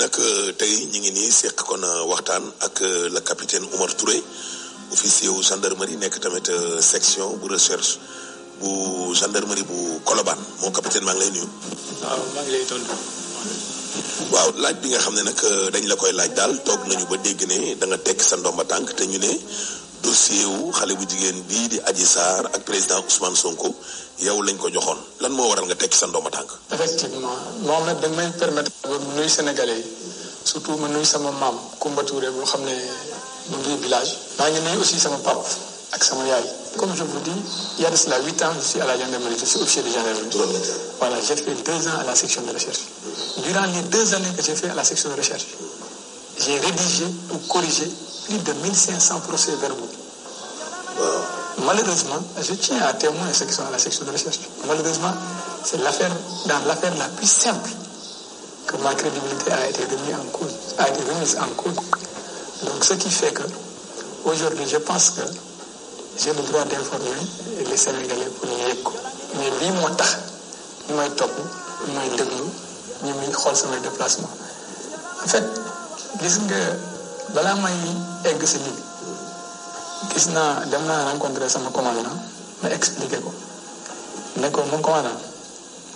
nag euh, tey ñu ngi nii seq kon waxtaan ak euh, le capitaine Oumar Touré officier wu gendarmerie nekk tamit euh, section bu recherche bu gendarmerie bu Colobane moo capitaine maa ngi lay nuyu. waaw laaj bi nga xam ne nag dañ la koy laaj daal toog nañu ba dégg ne da nga tekk sa ndomba tànk te ñu ne. dossier wu xale bu jigéen bii di Adji Sarr ak président Ousmane Sonko yow lañ ko joxoon lan moo waral nga tekki sa ndooma tànk. effectivement moom nag da nga may permettre. nuyu Sénégalais surtout ma nuyu sama maam Koumba Touré xam ne mu ngi village. maa ngi nuyu aussi sama pap ak sama yaay. comme je vous dis il y a de cela huit ans je suis à la gendarmerie je suis de gendarmerie. voilà j'ai deux ans à la section de deux années que la section de recherche j'ai rédigé ou corrigé. plus de cent procès-verbaux. Wow. Malheureusement, je tiens à témoigner ceux qui la section de recherche. Malheureusement, c'est l'affaire, dans l'affaire la plus simple que ma crédibilité a été remise en cause. A été remise en cause. Donc, ce qui fait que, aujourd'hui, je pense que j'ai le droit d'informer les Sénégalais pour ñu yëg ko mais lii moo tax ñu may topp ñu may déglu ñu muy xool samay déplacement en fait gis nga. balaa may egg si lii gis naa dem naa rencontré sama commandant ma expliqué ko ne ko mon commandant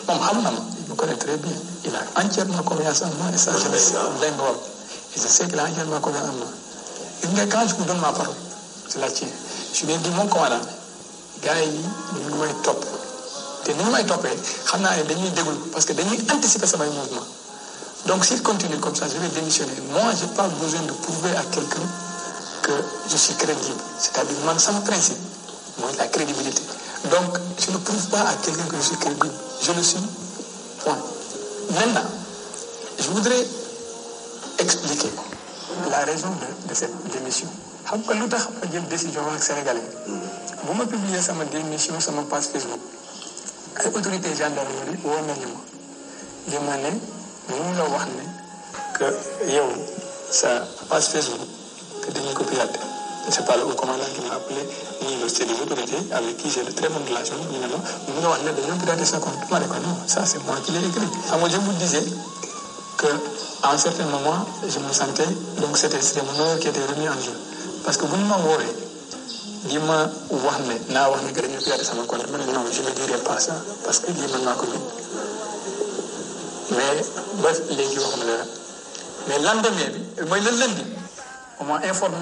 moom xam na ma il me connaît très bien il a entièrement confiance en moi et sa jeunesse d'Ingor et je ma parole c'est la tienne je lui moom dit mon commandant yi ñu may topp te ni ñu may toppee xam naa ne dañuy déglu parce que dañuy anticiper samay mouvement Donc s'il continue comme ça, je vais démissionner. Moi, je n'ai pas besoin de prouver à quelqu'un que je suis crédible. C'est-à-dire, moi, c'est principe. Moi, la crédibilité. Donc, je ne prouve pas à quelqu'un que je suis crédible. Je le suis. Point. Maintenant, je voudrais expliquer la raison de, de cette démission. xam nga lu tax ma jël décision ak sénégalais bu ma publier sama démission sama page Facebook ay autorités gendarmerie woo nañu ma mënu la wax ne que yow sa page Facebook que dañuy ko piraté je ne sais pas le haut commandant qui m'a appelé ni l'université des avec qui j'ai de très bonnes relations ñu nga wax ne dañoo piraté sa compte ma ne ko non ça c'est moi qui l'ai me sentais donc c'était c'était parce que bu ma woowee li ma wax ne naa wax ne que dañoo piraté sama compte ma ne non je lii man maa ko bind mais ba léegi waxuma dara mais lendemain bi mooy le lundi on informé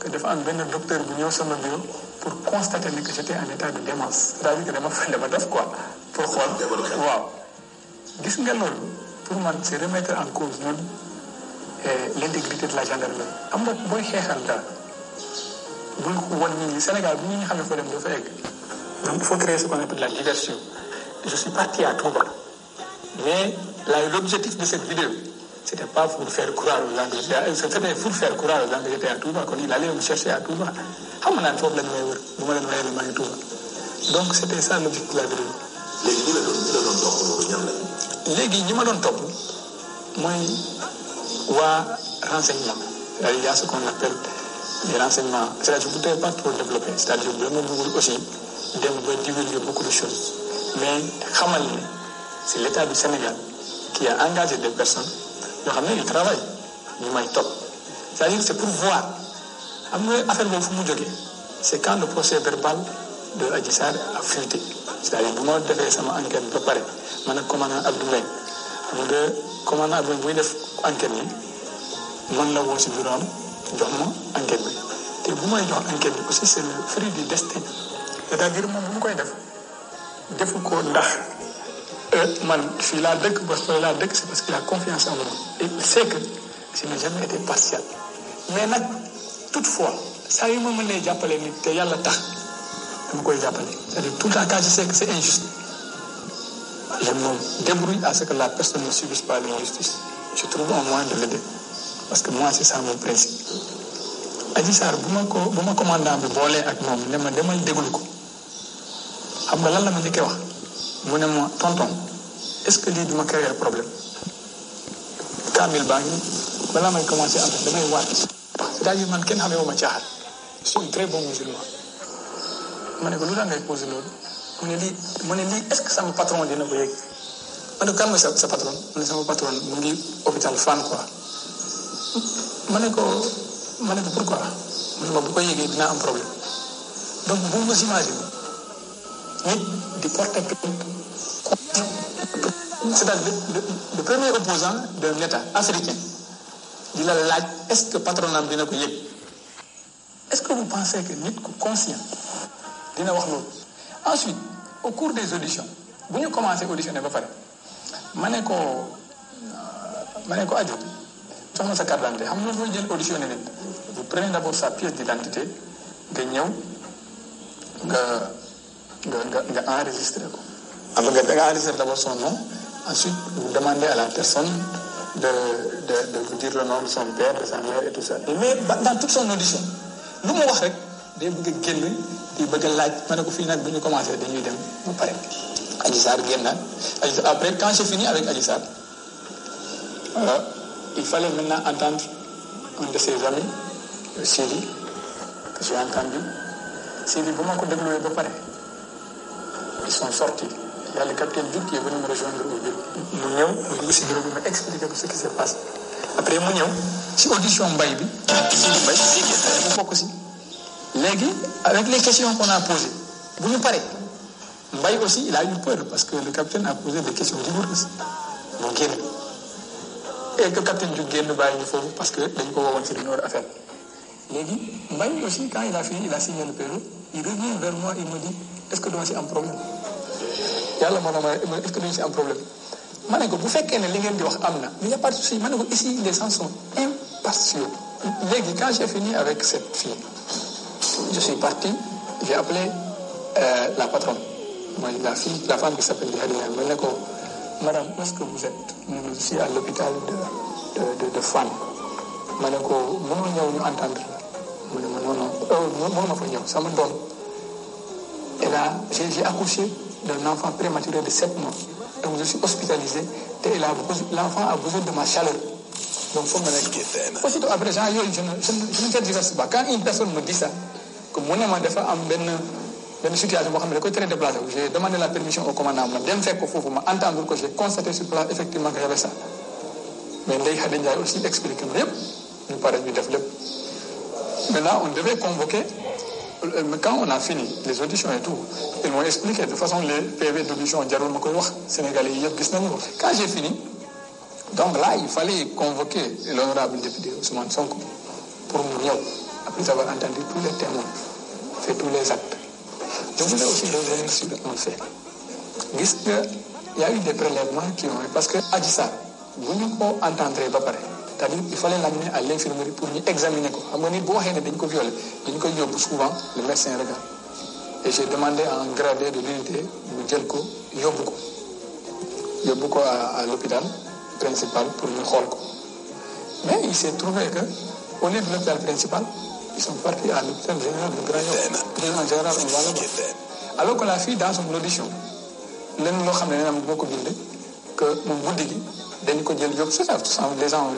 que dafa am benn docteur bu ñëw sama bureau pour constater ne que j'étais en état de démence cest à dama def quoi pour xool waaw gis nga loolu pour man c'est remettre en cause noonu l'intégrité de la gendarmerie am nga booy xeexal daal bul ko wan Sénégal bu ñu ñu xamee foo dem dafa egg donc il créer ce qu'on la diversion je suis parti à Mais l'objectif de cette vidéo, c'était pas pour faire croire aux Anglais, euh, c'était pour faire croire aux Anglais j'étais à Touba, qu'on il allait me chercher à Touba. xam naa ne foofu la ñu may wër bu ma leen wéyalee maa ngi Touba. donc c'était ça l'objectif de la vidéo. léegi ñi la doon ñi la doon topp ñan la. léegi ñi ma doon topp mooy waa renseignement euh, il y a ce qu'on appelle les renseignements c'est-à-dire vous n'êtes pas trop développé c'est-à-dire vraiment bëggul aussi dem ba divulguer beaucoup de choses mais xamal ni. si l'État du Sénégal qui a engagé des personnes yoo xam ne ils travaillent ñu may topp c'est-à-dire mu jógee c'est quand le procès verbal de Adji bu ma defee sama enquête ba pare man ak commandant buy def enquête yi woo si bureau jox ma enquête bi te bi aussi dire moom bu mu koy def defu ko ndax Euh, man fii laa dëkk Boston laa dëkk c'est parce qu'il a confiance en moi et il sait que je n'ai jamais été partial mais nag toutefois saa yu ma ne jàppale nit te yàlla tax dama koy jàppale c'est-à-dire tout le temps quand je sais à ce que la personne ne subisse pas l'injustice je parce que moi c'est ça mon principe Adji Sarr bu ma ko bu ma commandant boolee ak moom ne ma demal déglu ko xam nga lan la ma njëkkee wax mu ne ma tonton est-ce que lii duma créer problème kaamil baa ngi balaa may commencer am damay may c'est-à-dire man kenn xamee wu ma caaxaan je suis un très bon musulman ma ne ko lu la ngay posé loolu mu ne lii mu ne lii est que sama patron ko yëg ma ne ko kan mooy sa sa patron mu ne sama patron mu ngi hôpital Fann quoi ma ne ko ma ne ko pourquoi mu ne ma bu ko yëgee dinaa am problème donc bu nit di porter plainte c'est-à-dire le premier opposant de l'État africain di la laaj est-ce que patronat dina ko yëg est-ce que bu pensez que nit ku conscient dina wax loolu ensuite au cours des auditions bu ñu commencé auditionné ba pare ma ne ko ma ne ko ajo jox ma sa carte d'identité xam nga loolu jël auditionné nit vous prenez d'abord sa pièce d'identité nga ñëw nga nga nga nga enregistré ko. alors nga enregistré d'abord son nom ensuite vous demandez la personne de de de vous dire de son père de sa mère et tout ça. mais dans toute son audition lu mu di bëgg laaj ma ko fii nag bu ñu commencé dañuy dem ba pare. Adji Sarr génnaat Adji Sarr après quand j'ai fini avec Adji Sarr euh, il fallait maintenant entendre un de ses amis euh, Sidi que j'ai entendu Sidi bu ma ko dégluwee ba pare. ils sont sortis il y a le capitaine Diouf ngi si bureau bi ma expliqué ko ce qui s'est passé après mu mbay bi Sidi Mbaye bokk si léegi avec les questions qu'on a bu ñu paree Mbaye aussi il a eu peur parce que le capitaine a posé des questions rigoureuses mu génn et que capitaine parce que dañ ko woowoon si dinoor affaire léegi Mbaye aussi quand il a fini il a signé le PV il revient vers moi il me am problème yàlla moo ma ma est-ce que duñu si am problème ma ne ko bu fekkee ne li ngeen di wax am na il n'y a pas de souci ma ne ko ici les gens sont impatients léegi quand j'ai fini avec cette fille je suis parti j'ai appelé euh, la patronne mooy la fille la femme qui s'appelle Hadina ma ne ko madame où est-ce que vous êtes je suis à l'hôpital de de de, de Fann ma ne ko mënoo ñëw ñu entendre mu ne ma non non euh, mënuma fa ñëw sama doom et là j'ai accouché d'un enfant prématuré de 7 mois. Donc je suis hospitalisé te l'enfant a de ma chaleur. Donc faut me la. après genre yooyu je ne je ne tergiverse pas quand une personne me dit ça que mu ne ma dafa am benn benn situation boo xam ne da koy très déplacé j'ai demandé la permission au commandant ma dem fekk ko foofu ma entendre ko j'ai constaté sur place effectivement que j'avais ça mais Ndeye Khady Ndiaye aussi expliqué ma yëpp ñu pare ñu def Euh, quand on a fini les auditions et tout ils m'ont expliqué de toute façon les PV d'audition jarul ma koy wax Sénégalais yi yëpp gis nañu ko quand j'ai fini donc là il fallait convoquer l'honorable député Ousmane Sonko pour mu ñëw après avoir entendu tous les témoins fait tous les actes je aussi revenir sur un fait gis nga y a eu des prélèvements parce que Adji Sarr bu ñu ko entendre ba pare ta c'est-à-dire il fallait l'amener à l'infirmerie pour ñu examiner ko xam nga nit bu waxee ne dañ ko violé dañ koy yóbbu souvent le médecin regarde et j'ai demandé à un gradé de l'unité mu jël ko yóbbu ko yóbbu ko à l'hôpital principal pour ñu xool ko mais il s'est trouvé que au lieu de l'hôpital principal ils sont partis à l'hôpital général de Grand Yoff en général on va là-bas que la fille dans son audition lenn loo xam ne neenam moo ko bindee que moom guddi gi dañ ko jël yóbbu César tout ça les gens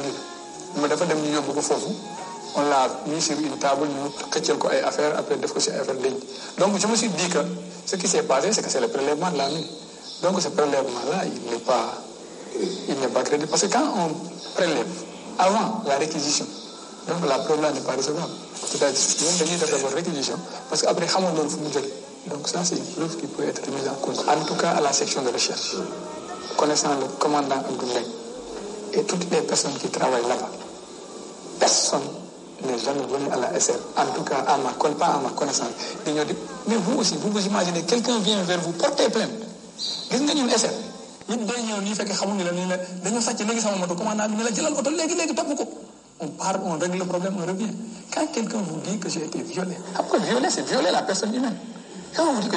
dem ñu yóbbu ko foofu on l'a mis sur une table ñu xëccal ko ay affaire après def ko si affaire denc donc je me suis dit que ce qui s'est passé c'est que c'est le prélèvement de la mine donc ce prélèvement là il n'est pas il n'est pas crédible parce que quand on prélève avant la réquisition donc la preuve là parce que après xamoon loolu fu mu jógee donc ça c'est une qui peut être mise en cause en tout cas à la section de recherche connaissant et toutes les personnes qui travaillent là-bas. Personne n'est jamais venu à la SR, en tout cas à ma, pas à ma connaissance. mais vous aussi, SR nit day ñëw nii fekk xamuñu la nii la dañoo sàcc léegi sama moto commande naa ne la jëlal oto léegi léegi topp ko on part on règle problème on revient quand quelqu'un vous dit que j'ai été violé. xam nga violé c'est violer la personne humaine quand on vous dit que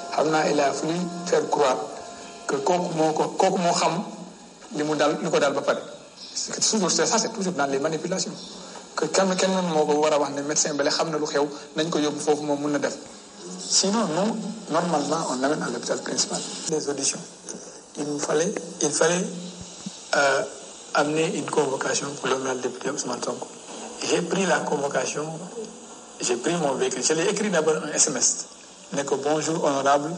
xam naa il a fallu faire croire que kooku moo ko kooku moo xam li mu daal li ko daal ba pare. c'est toujours c'est ça c'est toujours dans les manipulations que kenn kenn moo ko war a wax ne médecin bale xam na lu xew nañ ko yóbbu foofu moom mun na def. sinon non normalement on amène à l'hôpital principal. les auditions il nous fallait il fallait euh, amener une convocation pour l'honorable député Ousmane Sonko. j'ai pris la convocation j'ai pris mon véhicule je l'ai écrit d'abord en SMS. ne ko bonjour honorable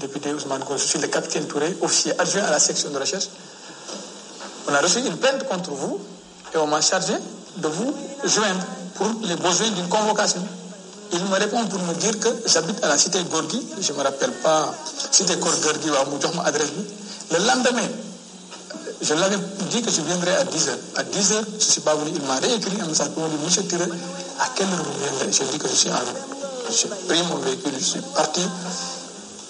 député Ousmane Kossou, je suis le capitaine Touré, officier adjoint à la section de recherche. On a reçu une plainte contre vous et on m'a chargé de vous joindre pour les besoins d'une convocation. Il me répond pour me dire que j'habite à la cité Gorgui, je me rappelle pas cité Gorgui waaw mu jox ma adresse bi. Le lendemain, je l'avais dit que je viendrais à 10 heures. À 10 heures, je suis pas venu, il m'a réécrit à quelle heure j'ai pris mon véhicule, parti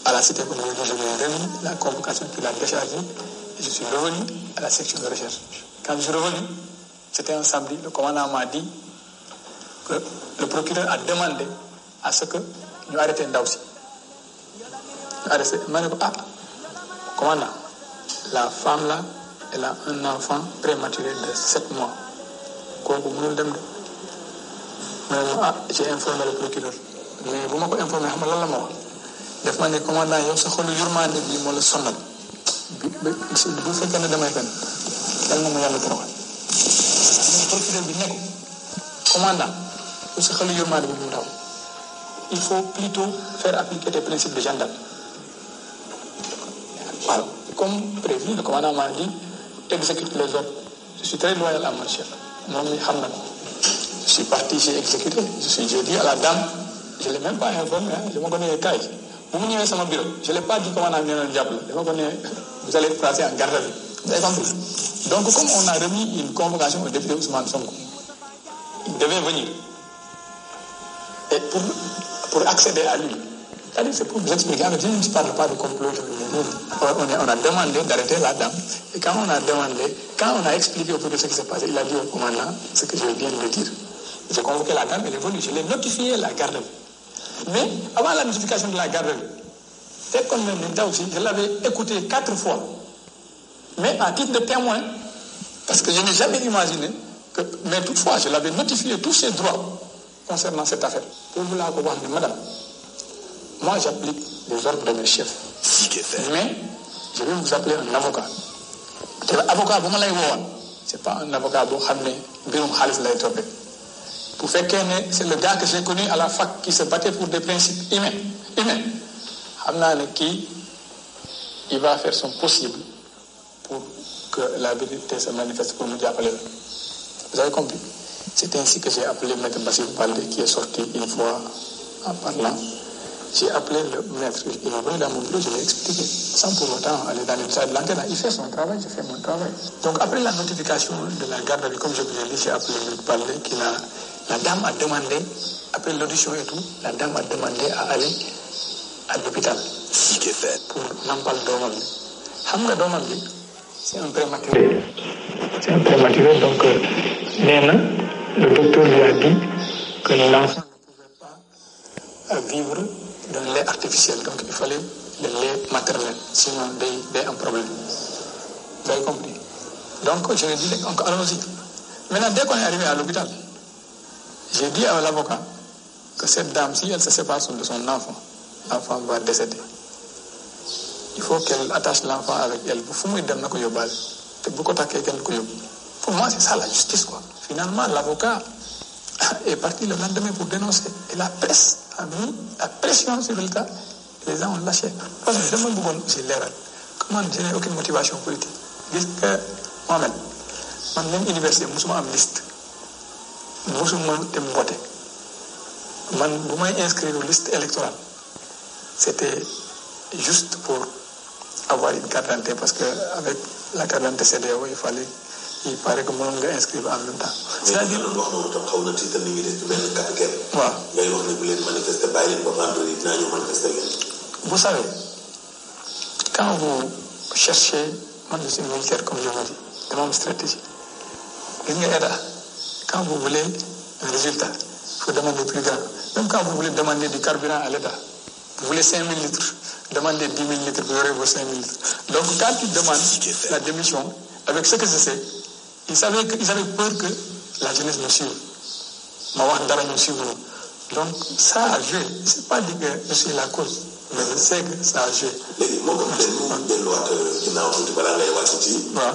à la cité communale, qui l'a déchargé, je suis revenu à la section de recherche. Quand je suis revenu, c'était un le commandant m'a dit le procureur a demandé à ce que ñu arrêté ndaw si ñu arrêté ma ko ah commandant la femme là elle a un enfant prématuré de sept mois kooku mënul dem de ma ne ah j'ai informé le procureur léegi bu ma ko informé xam nga lan la ma wax def ma ne commandant yow sa xolu yurmande bi moo la sonal bi bu fekkee ne damay fen yàlla na ne il faut plutôt faire appliquer les principes de gendarme waaw comme xam na ko je suis parti j'ai exécuté je suis jeudi à la dame je l'ai même pas informé ah dama ko nee kaay bu mu ñëwee sama bureau je l'ai pas dit commandant bi ne doon jàpp la dama ko nee vous allez être placé en garde à vue donc comme on a remis une convocation au député Ousmane Sonko il devait venir et pour pour accéder à lui c'est-à-dire c'est pour vous expliquer en fait je ne parle pas de complot on a on a demandé d'arrêter la dame et quand on a demandé quand on a expliqué au peu de ce qui s'est passé a dit au commandant ce que je viens de dire j'ai convoqué la Mais avant la notification de la garderie, fekkoon na ni ndaw si je l'avais écouté quatre fois mais à titre de témoin parce que je n'ai jamais imaginé que mais toutefois je l'avais notifié tous ses droits concernant cette affaire boobu laa ko wax ne madame moi j'applique les ordres de mes chefs mais je vais vous appeler un avocat te avocat bu ma lay woowoon c'est pas un avocat xam ne mbirum xaalis lay toppee bu fekkee ne c'est le gars que j'ai connu à la fac qui se battait pour des principes humains humains xam naa ne kii il va faire son possible pour que la vérité se manifeste pour mu jàppale la vous avez compris c'est ainsi que j'ai appelé maître Bassirou Baldé qui sorti une fois en parlant j'ai appelé le maître il m'a venu dans mon bureau je lui ai expliqué sans pour autant aller dans les détails de l'enquête il fait son travail je fais mon travail donc après la notification de la La dame a demandé, après l'audition et tout, la dame a demandé à aller à l'hôpital. pour nampal doomam bi xam nga doomam bi c'est un prématuré. c'est donc euh, nee na le docteur lui a dit que l'enfant ne pouvait pas euh, vivre d'un lait artificiel donc il fallait le lait problème. vous avez donc je lui ai dit allons-y maintenant dès qu'on est arrivé à J'ai dit à l'avocat que cette dame, si elle se sépare de son enfant, l'enfant va décéder. Il faut qu'elle attache l'enfant avec elle. Pour moi, c'est ça la justice. ko Finalement, l'avocat est parti le lendemain pour dénoncer. Et la presse a mis la pression sur le cas. Les gens ont lâché. Parce que je me demande aussi l'erreur. Comment je n'ai aucune motivation politique. Dis que moi-même, moi université, je suis en mosuma dem voté man bu may inscrire liste électorale c'était juste pour avoir une carte d'identité parce que avec la carte d'identité CEDEAO il fallait il paraît que mënoon nga inscrire en na tam ñu ngi des bu leen manifester bàyyi leen ba vendredi comme je dama am stratégie gis nga état. Quand vous voulez un résultat, il faut demander plus grave. Même quand vous voulez demander du carburant à l'État, vous voulez 5 litres, demandez 10 000 litres, vous aurez vos 5 litres. Donc quand ils la démission, avec ce que je sais, ils savaient peur que la jeunesse nous suive. Ma wax dara ñu suivre donc ça a c'est pas dit que je la cause mais je sais que ça a joué. léegi moom dañu delluwaat euh, ginnaaw tuuti balaa ngay wàcc ci. waaw.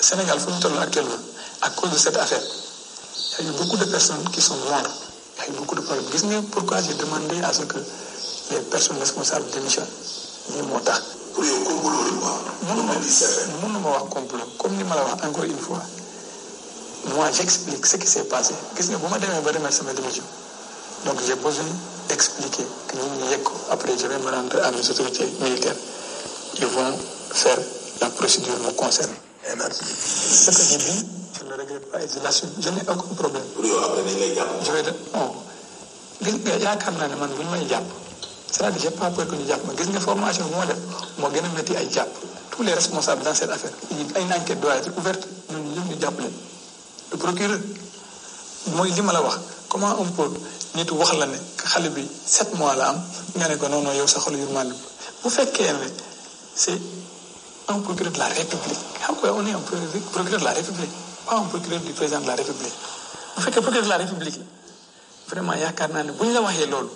Sénégal fu ñu toll actuellement à cause de cette affaire il y a de personnes qui sont mortes il y a eu beaucoup de problèmes gis nga pourquoi j'ai demandé à ce que les personnes responsables démissionnent moo tax. pour yow complot la wax complot comme ni ma la wax encore une fois moi j'explique ce qui s'est passé gis nga bu ma demee ba demee sama démission donc j'ai besoin d'expliquer que ñun ñu yegg ko après je vais me rendre à mes autorités militaires ils vont faire la et merci. ce que je dis, je ne le problème. je vais de non oh, gis nga yaakaar ne man bu ñu may jàpp c'est-à-dire jàpp ma gis nga formation moo def moo gën a métti ay jàpp tous les responsables dans cette affaire ay une enquête doit ouverte ñun ñëpp ñu jàpp leen le procureur mooy li ma la wax comment on peut nit wax la ne xale bi sept mois la am nga ne ko non non yow sa xol yurmaale bu fekkee ne c'est un procureur de la République xam nga on est un procureur de la République pas un procureur du président de la République bu vraiment yaakaar naa ne bu ñu la waxee loolu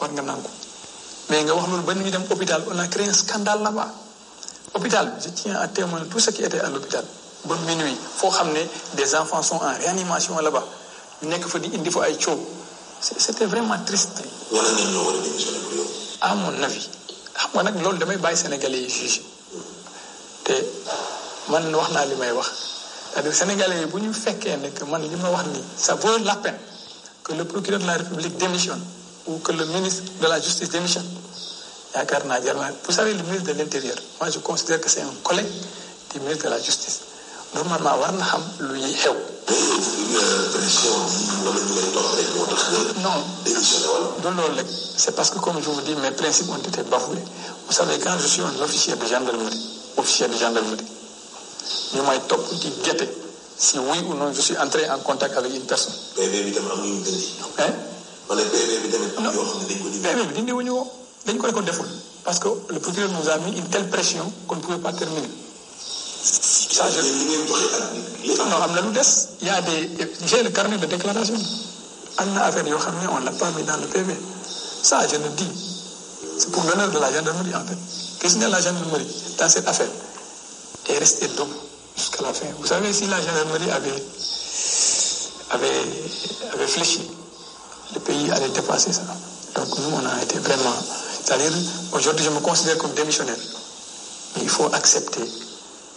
war nga nangu mais nga wax loolu ba ñu dem hôpital on a créé un scandale là-bas hôpital je tout ce qui était à l'hôpital ba foo xam ne des enfants sont en réanimation là-bas ñu nekk fa di indi fa ay coow c'était vraiment triste. à mon avis xam ah, nga nag loolu damay bàyyi Sénégalais juge te man wax naa li may wax cest à bu ñu fekkee ne que man li ma wax nii ça vaut la peine que le procureur de la république démissionne ou que le ministre de la justice démissionne yaakaar naa jar naa vous savez le ministre de l'intérieur moi je considère que c'est un collègue du ministre de la justice normalement war na xam lu ñuy xew. non du loolu rek c'est parce que comme je vous dis mes principes ont été bafoués vous quand je suis un officier de officier de gendarmerie ñu may topp di guette si oui ou non je suis entré en contact avec une personne. PV bi tamit am ñu dindi. dañ ko dindi. wuñu ko dañ ko ne deful parce que le procureur nous a mis une telle pression qu'on ne pouvait pas terminer. ça je non am na lu des. y a des am na affaire yoo xam ne on l'a pas mis dans le PV pour l'honneur de la gendarmerie en fait. président de la gendarmerie, dans cette affaire, est resté long jusqu'à la fin. Vous savez, si la gendarmerie avait, avait, avait fléchi, le pays allait dépasser ça. Donc nous, on a été vraiment... C'est-à-dire, aujourd'hui, je me considère comme démissionnaire. Mais il faut accepter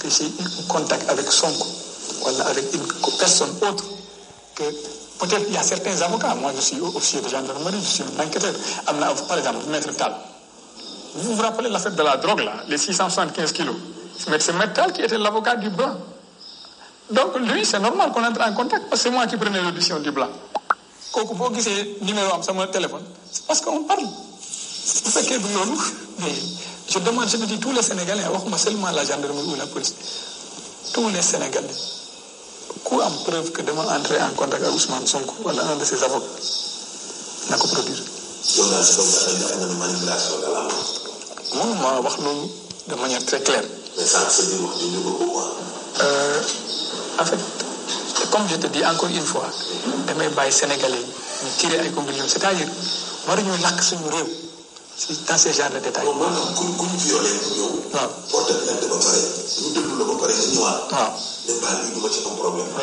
que j'ai eu un contact avec Sonko, voilà, avec une personne autre, que peut-être y a certains avocats, je suis officier de gendarmerie, je suis un enquêteur, par exemple, maître Tal. Vous vous rappelez l'affaire de la drogue, là, les 675 kilos C'est maître Tal qui était l'avocat du blanc. Donc lui, c'est normal qu'on entre en contact, parce que c'est moi qui prenais du blanc. kooku boo gisee numéro am sama téléphone c'est parce qu'on parle bu fekkee du loolu mais je demande je me dis tous les sénégalais waxuma seulement la gendarmerie ou la police tous les sénégalais ku am preuve que dama wax loolu de manière très claire. Euh, en fait comme damay bàyyi sénégalais ñu tiré ay conclusions c'est-à-dire waruñu lakk suñu réew. si dans ces genres de détails. ku ku ñu violé ñëw. waaw porte waaw ah. ne baal yi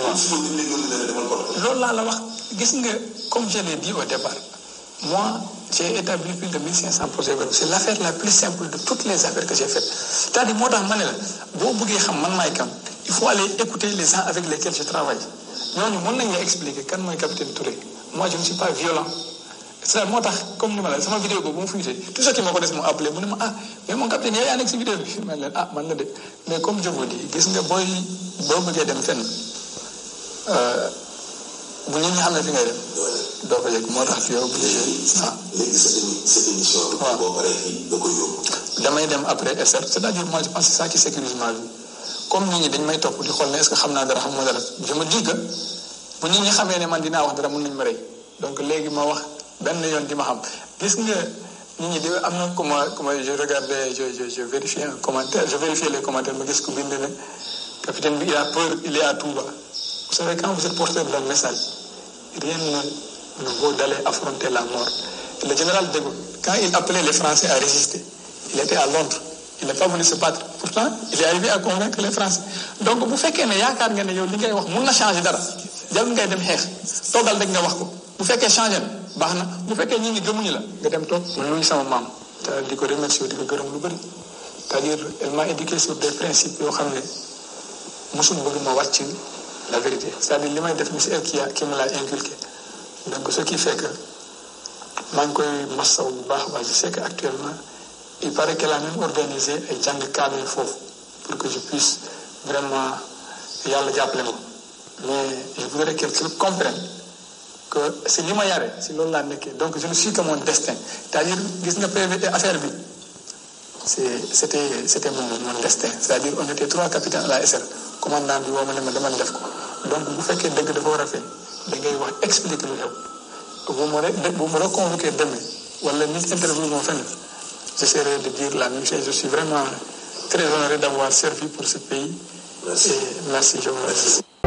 ah. laa la wax gis nga comme je l'ai dit au départ moi j'ai établi plus de 1500 projets verbaux c'est l'affaire la plus simple de toutes les affaires que j'ai faites cest moo tax ma ne la boo buggee xam man maay kan il faut aller écouter les gens avec lesquels je travaille ñooñu mën nañu expliquer kan mooy capitaine Touré moi je ne pas violent. c'est moo tax comme ni ma la sama vidéo bu mu fuité tout ce qui ma ko des mu appelé mu ne ma ah mais mon capitaine yow yaa nekk si vidéo ah, gis nga booy boo bëggee dem fenn euh, bu ñu xam ne dem doo ko yëg moo tax yow bu ñu damay dem après SR c'est-à-dire moi je pense que ça qui sécurise comme nit dañ may topp di xool ne est-ce que xam naa dara xam moo dara je me dis bu ñu ñu xamee ne man dinaa wax dara mën nañu ma rey donc léegi ma wax. benn yoon di ma xam gis nga nit ñi di am na comment comment je regardais je je un commentaire je vérifiais les commentaires ma gis ko bind ne capitaine bi il a peur il est à Touba. vous savez quand vous êtes porteur d'un message rien ne le général de Gaulle quand il appelait les Français à résister il était à Londres il n'est pas venu se battre pourtant il est arrivé à convaincre les Français donc bu fekkee ne yaakaar nga ne yow li ngay wax mun na changer dara jël ngay dem xeex toogal deg nga wax ko bu fekkee changer na baax na bu fekkee ñi ngi gëmuñu la nga dem toog man nuyu sama maam te di ko remercier di ko gërëm lu bëri c'est-à-dire elle m'a des principes yoo xam ne mosuma bëgg ma wàcc la vérité c'est-à-dire li may def ni si elle qui qui me l'a inculqué donc ce qui fait que maa ngi koy masaw bu baax baax je sais que actuellement il paraît qu'elle a même organisé ay jàng kaamil foofu pour que je puisse vraiment yàlla jàppale ma mais je voudrais qu'elle comprenne que si li ma yare si loolu laa nekkee donc je ne suis que mon destin c'est-à-dire gis nga PV e affaire bi c'est c'était c'était mon mon destin c'est-à-dire on trois capitaines la SR commandant bi woo ma ne ma dama def ko donc bu fekkee dëgg dafa war a feeñ da ngay wax expliquer lu xew bu ma re bu ma reconvoqué demee wala nit interview moom fenn j'essaierai de dire la même chose je suis vraiment très honoré servi pour ce pays et merci je